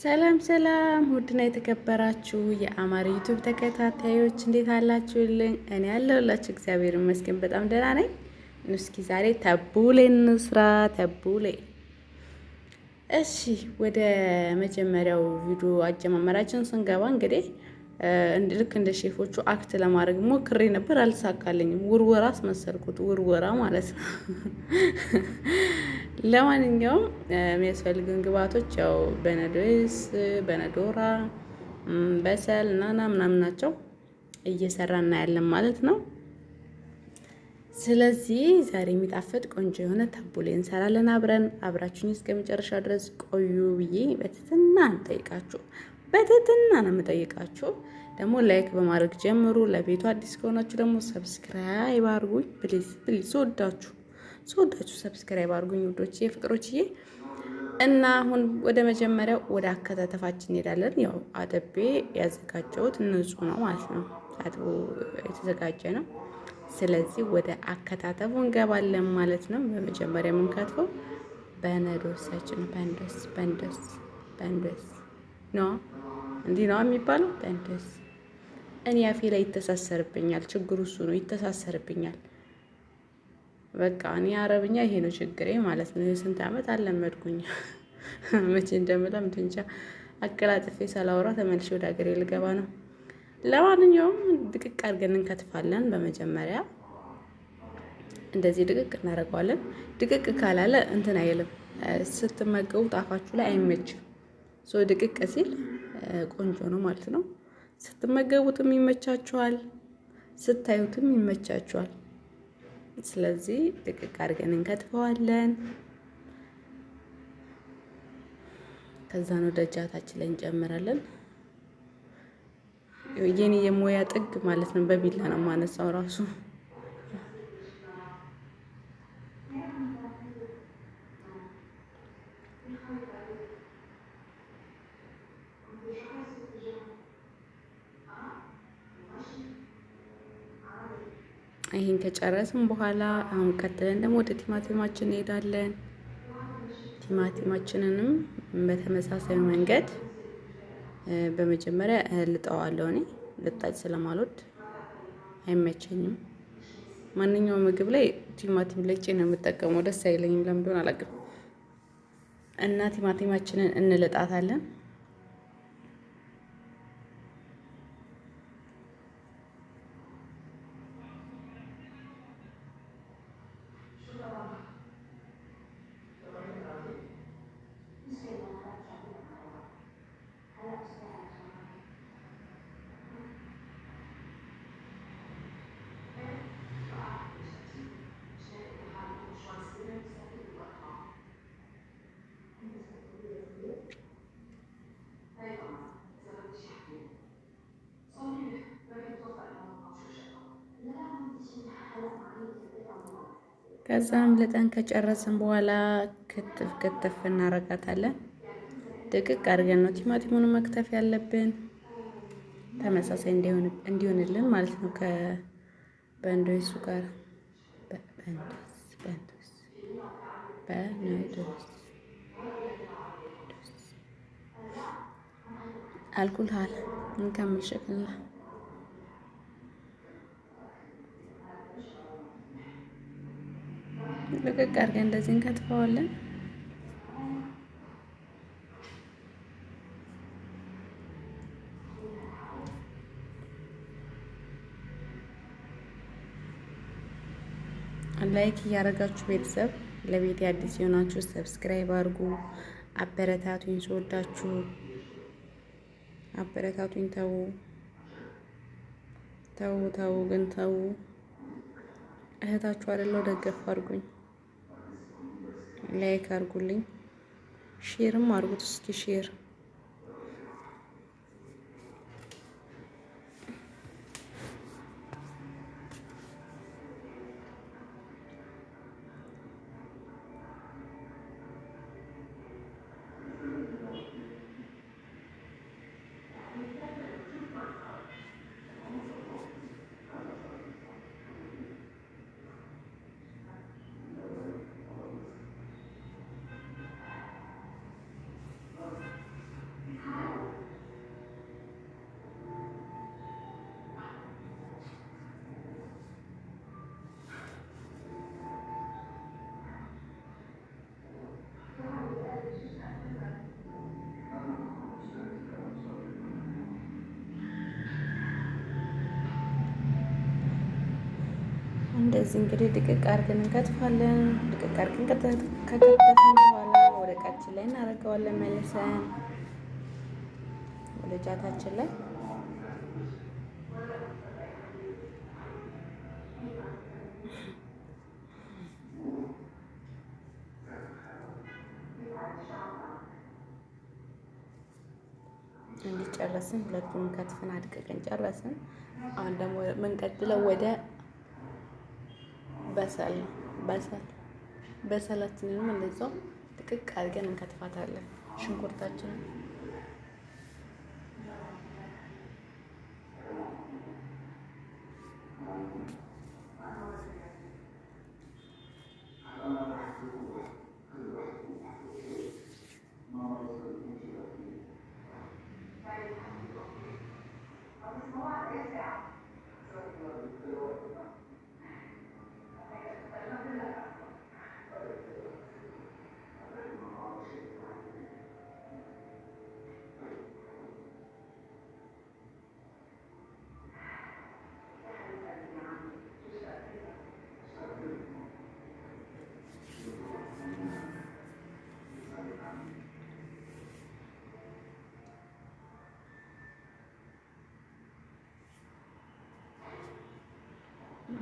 ሰላም ሰላም፣ ውድና የተከበራችሁ የአማር ዩቱብ ተከታታዮች እንዴት አላችሁልኝ? እኔ ያለሁላችሁ እግዚአብሔር ይመስገን በጣም ደህና ነኝ። እስኪ ዛሬ ተቡሌ እንስራ። ተቡሌ እሺ፣ ወደ መጀመሪያው ቪዲዮ አጀማመራችን ስንገባ እንግዲህ ልክ እንደ ሼፎቹ አክት ለማድረግ ሞክሬ ነበር፣ አልሳካልኝም። ውርወራ አስመሰልኩት፣ ውርወራ ማለት ነው። ለማንኛውም የሚያስፈልግን ግብዓቶች ያው በነዶስ በነዶራ በሰል እናና ምናምን ናቸው። እየሰራ እናያለን ማለት ነው። ስለዚህ ዛሬ የሚጣፍጥ ቆንጆ የሆነ ታቡሌ እንሰራለን አብረን። አብራችሁኝ እስከ መጨረሻ ድረስ ቆዩ ብዬ በትህትና እንጠይቃችሁ በትህትና ነው የምጠይቃችሁ። ደግሞ ላይክ በማድረግ ጀምሩ። ለቤቱ አዲስ ከሆናችሁ ደግሞ ሰብስክራይብ አድርጉኝ ፕሊዝ ፕሊዝ። ስወዳችሁ ስወዳችሁ ሰብስክራይብ አድርጉኝ ውዶችዬ፣ ፍቅሮችዬ እና አሁን ወደ መጀመሪያው ወደ አከታተፋችን እንሄዳለን። ያው አጥቤ ያዘጋጀሁት ንጹህ ነው ማለት ነው፣ ታጥቦ የተዘጋጀ ነው። ስለዚህ ወደ አከታተፉ እንገባለን ማለት ነው። በመጀመሪያ የምንከትፈው በነዶሳችን በንደስ በንደስ በንደስ ነው። እንዲህ ነው የሚባለው። ጠንደስ እኔ አፌ ላይ ይተሳሰርብኛል። ችግሩ እሱ ነው፣ ይተሳሰርብኛል። በቃ እኔ አረብኛ ይሄ ነው ችግሬ ማለት ነው። የስንት ዓመት አለመድኩኝ። መቼ እንደምለምድ እንጃ። አቀላጥፌ ሳላወራ ተመልሼ ወደ ሀገሬ ልገባ ነው። ለማንኛውም ድቅቅ አድርገን እንከትፋለን። በመጀመሪያ እንደዚህ ድቅቅ እናደርገዋለን። ድቅቅ ካላለ እንትን አይልም፣ ስትመገቡት አፋችሁ ላይ አይመችም። ሶ ድቅቅ ሲል ቆንጆ ነው ማለት ነው። ስትመገቡትም ይመቻችኋል፣ ስታዩትም ይመቻችኋል። ስለዚህ ድቅቅ አድርገን እንከትፈዋለን። ከዛን ወደ እጃታችን ላይ እንጨምራለን። የኔ የሙያ ጥግ ማለት ነው። በቢላ ነው ማነሳው ራሱ ይህን ከጨረስም በኋላ አሁን ቀጥለን ደግሞ ወደ ቲማቲማችን እንሄዳለን። ቲማቲማችንንም በተመሳሳይ መንገድ በመጀመሪያ ልጠዋለሁ። እኔ ልጣጭ ስለማልወድ አይመቸኝም። ማንኛውም ምግብ ላይ ቲማቲም ልጬ ነው የምጠቀመው። ደስ አይለኝም፣ ለምን እንደሆነ አላውቅም። እና ቲማቲማችንን እንልጣታለን። ከዛም ልጠን ከጨረስን በኋላ ክትፍ ክትፍ እናረጋታለን። ድቅቅ አድርገን ነው ቲማቲሙን መክተፍ ያለብን ተመሳሳይ እንዲሆንልን ማለት ነው። ከበንዶሱ ጋር አልኩልሃል እንከምል ሸክላ ልቅቅ አድርገን እንደዚህ እንከትፈዋለን። ላይክ እያደረጋችሁ ቤተሰብ ለቤት አዲስ የሆናችሁ ሰብስክራይብ አድርጉ። አበረታቱኝ፣ ስወዳችሁ አበረታቱኝ። ታው ታው ተው ግን ተው፣ እህታችሁ አይደለሁ፣ ደገፍ አድርጉኝ። ላይክ አርጉልኝ፣ ሼርም አርጉት እስኪ ሼር እንደዚህ እንግዲህ ድቅቅ አርገን እንከትፋለን። ድቅቅ አርገን ከከተፍን በኋላ ወረቃችን ላይ እናደርገዋለን። መልሰን ወደ ጃታችን ላይ እንዲጨረስን ሁለቱን ከትፈን አድቅቅን ጨረስን። አሁን ደግሞ የምንቀጥለው ወደ በሰል ነው። በሰል በሰላችንንም እንደዛው ጥቅቅ አድርገን እንከትፋታለን ሽንኩርታችንን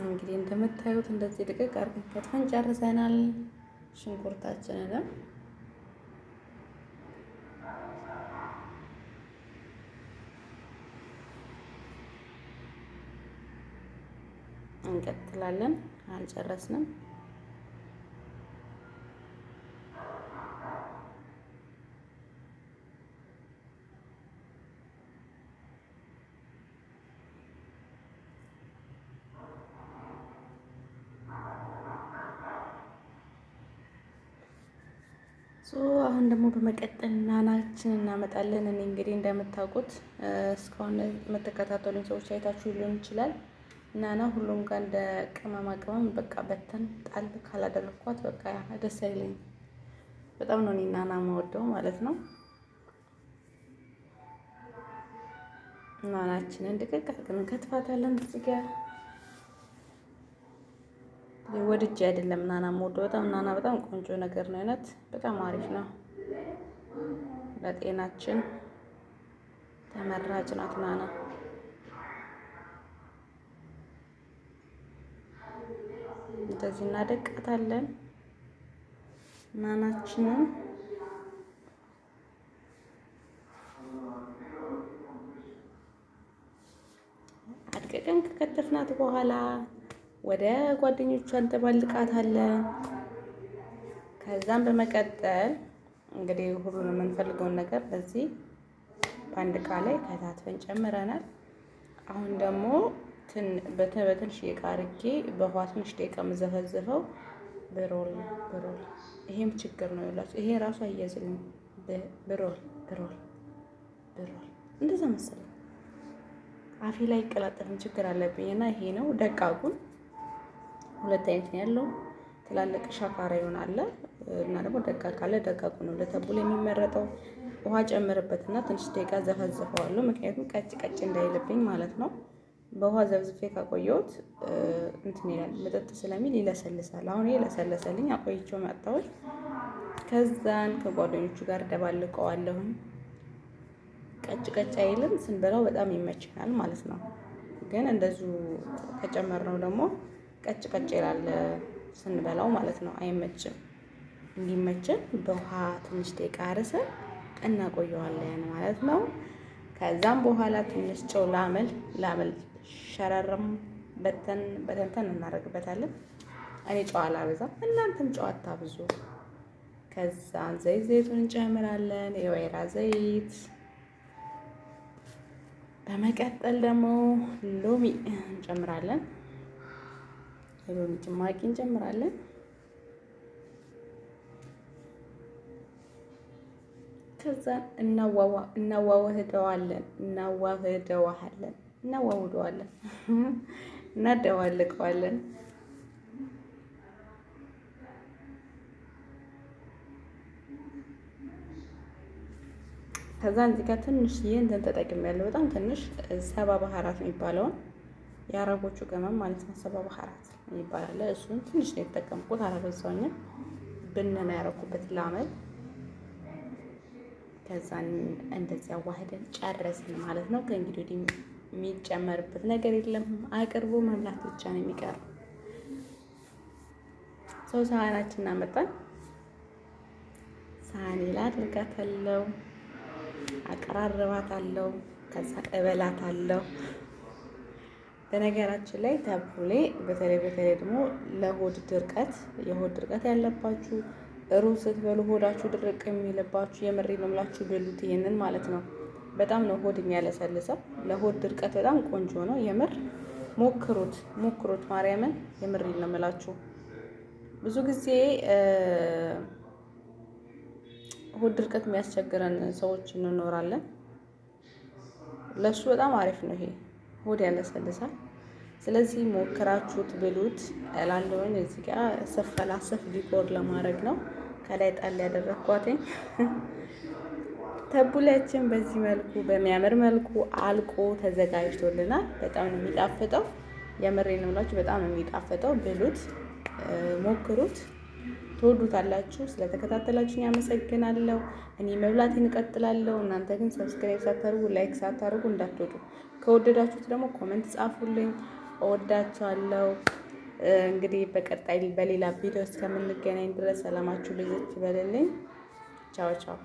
እንግዲህ እንደምታዩት እንደዚህ ድቅቅ አድርገን ከትፈን ጨርሰናል። ሽንኩርታችንንም እንቀጥላለን፣ አልጨረስንም። ሶ አሁን ደግሞ በመቀጠል ናናችን እናመጣለን። እኔ እንግዲህ እንደምታውቁት እስካሁን የምትከታተሉኝ ሰዎች አይታችሁ ሊሆን ይችላል። ናና ሁሉም ጋር እንደ ቅመማ ቅመም በቃ በተን ጣል ካላደረግኳት በቃ ደስ አይለኝ። በጣም ነው እኔ ናና መወደው ማለት ነው። ናናችንን ድቅቅ አድርገን ከትፋታለን እዚህ ጋር ወድጄ አይደለም ናና ሞዶ በጣም ናና በጣም ቆንጆ ነገር ነው። እውነት በጣም አሪፍ ነው። ለጤናችን ተመራጭ ናት ናና። እንደዚህ እናደቃታለን ናናችንን አድቀቀን ከከተፍናት በኋላ ወደ ጓደኞቿ እንጠባልቃታለን። ከዛም በመቀጠል እንግዲህ ሁሉንም የምንፈልገውን ነገር በዚህ በአንድ ዕቃ ላይ ከታትፈን ጨምረናል። አሁን ደግሞ በትንሽ ዕቃ አድርጌ በውሃ ትንሽ ደቂቃ የምዘፈዝፈው ብሮል ብሮል። ይሄም ችግር ነው ያላችሁ። ይሄ ራሱ አያዝልኝ። ብሮል ብሮል ብሮል እንደዛ መሰለኝ አፌ ላይ አይቀላጠፍም። ችግር አለብኝ እና ይሄ ነው ደቃቁን ሁለት አይነት ነው ያለው። ትላልቅ ሻካራ ይሆናል እና ደግሞ ደቃቅ ካለ ደቃቁ ነው ለተቡል የሚመረጠው። ውሃ ጨምርበትና ትንሽ ደቂቃ ዘፈዝፈዋለሁ፣ ምክንያቱም ቀጭ ቀጭ እንዳይልብኝ ማለት ነው። በውሃ ዘብዝፌ ካቆየሁት እንትን ይላል መጠጥ ስለሚል ይለሰልሳል። አሁን ይሄ ለሰለሰልኝ፣ አቆይቼው መጣሁት። ከዛን ከጓደኞቹ ጋር ደባልቀዋለሁም። ቀጭ ቀጭ አይልም፣ ስንበላው በጣም ይመችናል ማለት ነው። ግን እንደዚሁ ከጨመርነው ደግሞ ቀጭ ቀጭ ይላል ስንበላው ማለት ነው። አይመችም። እንዲመችን በውሃ ትንሽ ደቂቃ አርሰን እናቆየዋለን ማለት ነው። ከዛም በኋላ ትንሽ ጨው ላመል ላመል ሸረርም በተን በተንተን እናደርግበታለን። እኔ ጨው አላበዛም፣ እናንተም ጨው አታብዙ። ከዛ ዘይት ዘይቱን እንጨምራለን፣ የወይራ ዘይት። በመቀጠል ደግሞ ሎሚ እንጨምራለን። የሎሚ ጭማቂ እንጨምራለን። ከዛ እናዋህደዋለን እናዋህደዋለን እናዋውደዋለን እናደዋልቀዋለን። ከዛ እዚህ ጋር ይህ እንትን ተጠቅሜያለሁ። በጣም ትንሽ ሰባ ባህራት የሚባለውን የአረቦቹ ቅመም ማለት ነው። ሰባ ባህራት ይባላል። እሱን ትንሽ ነው የተጠቀምኩት፣ አላበዛሁኝም። ብነና ያረኩበት ላመል ከዛን እንደዚያ ዋህደን ጨረስን ማለት ነው። ከእንግዲህ ወዲህ የሚጨመርበት ነገር የለም። አቅርቦ መብላት ብቻ ነው የሚቀር። ሰው ሳህናችን አመጣን። ሳህኔ ላይ አድርጋታለሁ፣ አቀራርባታለሁ፣ ከዛ እበላታለሁ። በነገራችን ላይ ተንቡሌ በተለይ በተለይ ደግሞ ለሆድ ድርቀት የሆድ ድርቀት ያለባችሁ ሩዝ ስትበሉ ሆዳችሁ ድርቅ የሚልባችሁ የምሬ ነው የምላችሁ ብሉት፣ ይሄንን ማለት ነው። በጣም ነው ሆድ የሚያለሰልሰው። ለሆድ ድርቀት በጣም ቆንጆ ነው። የምር ሞክሩት፣ ሞክሩት። ማርያምን የምሬ ነው የምላችሁ። ብዙ ጊዜ ሆድ ድርቀት የሚያስቸግረን ሰዎች እንኖራለን። ለእሱ በጣም አሪፍ ነው ይሄ ሆድ ያለሰልሳል። ስለዚህ ሞክራችሁት ብሉት እላለሁኝ። እዚ ጋ ስፈላሰፍ ዲኮር ለማድረግ ነው ከላይ ጣል ያደረግኳትኝ። ተቡላችን በዚህ መልኩ በሚያምር መልኩ አልቆ ተዘጋጅቶልናል። በጣም ነው የሚጣፍጠው። የምሬን ነው በጣም ነው የሚጣፍጠው። ብሉት፣ ሞክሩት። ትወዱታላችሁ። ስለተከታተላችሁኝ አመሰግናለሁ። እኔ መብላቴን እቀጥላለሁ። እናንተ ግን ሰብስክራይብ ሳታደርጉ ላይክ ሳታደርጉ እንዳትወዱ። ከወደዳችሁት ደግሞ ኮመንት ጻፉልኝ። እወዳችኋለሁ። እንግዲህ በቀጣይ በሌላ ቪዲዮ እስከምንገናኝ ድረስ ሰላማችሁ ልጆች ይበልልኝ። ቻው ቻው።